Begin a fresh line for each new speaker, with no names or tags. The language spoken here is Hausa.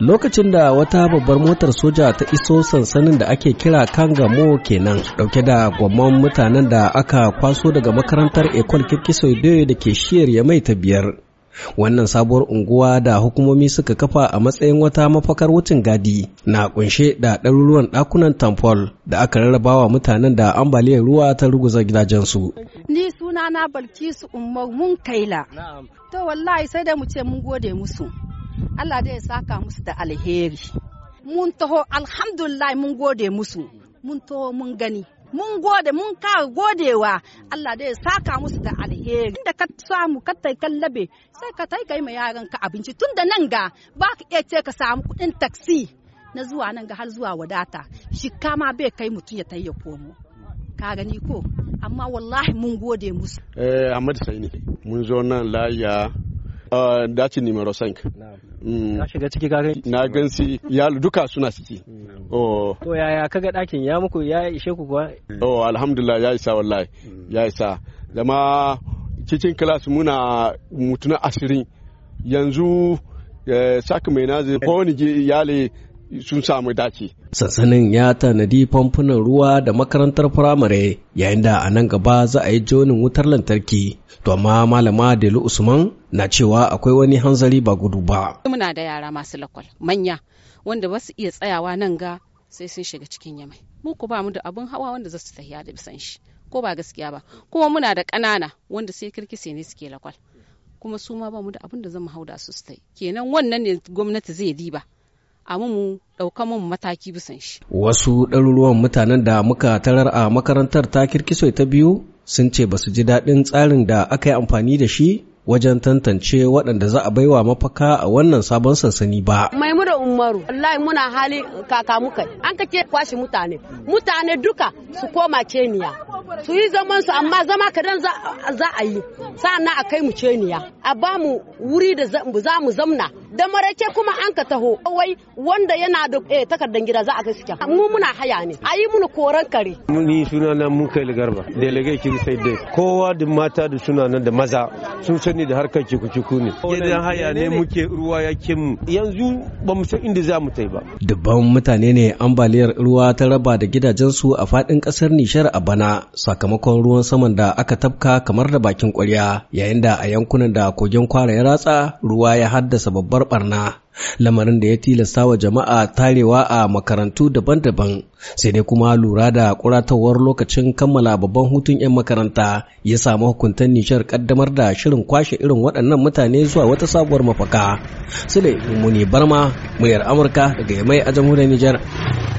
lokacin da wata babbar motar soja ta iso sansanin da ake kira kangamo kenan dauke da gwamman mutanen da aka kwaso daga makarantar ecole kirkisoidoyo da ke shiyar ya mai ta biyar wannan sabuwar unguwa da hukumomi suka kafa a matsayin wata mafakar wucin gadi na kunshe da ɗaruruwan ɗakunan tamfol da aka rarrabawa mutanen da ambaliyar ruwa ta ruguza gidajensu
ni suna na balkisu umar mun kaila to wallahi sai da mu ce mun gode musu Allah zai saka musu da alheri mun taho alhamdulillah mun gode musu mun taho mun gani mun gode mun kawo godewa Allah zai saka musu da alheri inda ka samu ka tai kallabe sai ka tai kai ma yaran ka abinci tunda nan ga ba ka iya ce ka samu kuɗin taksi na zuwa nan ga har zuwa wadata shi kama bai kai mutum ya tai ya komo ka gani ko amma wallahi mun gode musu
eh Ahmad Saini mun zo nan layya dacin uh, numero 5 mm. na shiga ciki ka na gansi ya duka suna ciki oh.
to yaya kaga dakin ya muku ya ishe ku kuwa
mm. oh alhamdulillah ya isa wallahi mm. ya isa zama cikin class muna mutuna ashirin yanzu eh, sakamai mai nazi ko ni yale sun samu dace.
Sansanin ya tanadi famfunan ruwa da makarantar firamare yayin da a nan gaba za a yi jonin wutar lantarki. To amma malama Delu Usman na cewa akwai wani hanzari ba gudu ba.
Muna da yara masu lakwal manya wanda ba su iya tsayawa nan ga sai sun shiga cikin yamai. Mu ku ba mu da abin hawa wanda za su tafiya da bisan shi. Ko ba gaskiya ba. Kuma muna da ƙanana wanda sai kirkise ne suke lakwal. Kuma su ma ba mu da abin da zan hau da su su Kenan wannan ne gwamnati zai diba. a mu ɗauka mun mataki bisan shi.
Wasu ɗaruruwan mutanen da muka tarar a makarantar ta kirkiso ta biyu sun ce ba su ji daɗin tsarin da aka yi amfani da shi wajen tantance waɗanda za a baiwa mafaka a wannan sabon sansani ba.
Maimuna Umaru, wallahi muna hali kaka muka. An ka kake kwashe mutane. Mutane duka su koma ceniya. su yi zaman su amma zama kadan za a yi na a kai mu ceniya a ba mu wuri da za mu zamna da marake kuma an ka taho wai wanda yana da eh, takardar gida za a kai sikin mu muna haya ne a yi mun koran kare
ni suna na mun kai garba delegate kin sai dai kowa da mata da suna nan da maza sun sani da harkar kiku ku ne gidan haya ne muke ruwa yake mu yanzu ba mu san inda za mu tai ba
dubban mutane ne ambaliyar ruwa ta raba da gidajen su a fadin kasar Nishar a bana sakamakon ruwan saman da aka tafka kamar da bakin kwarya yayin da a yankunan da kogin kwara ya ratsa ruwa ya haddasa babbar barna lamarin da ya tilasta wa jama'a tarewa a makarantu daban-daban sai dai kuma lura da kuratawar lokacin kammala babban hutun 'yan makaranta ya samu hukuntar Nijar kaddamar da shirin kwashe irin waɗannan mutane zuwa wata sabuwar mafaka su da mummuni barma muryar amurka daga yamai a jamhuriyar nijar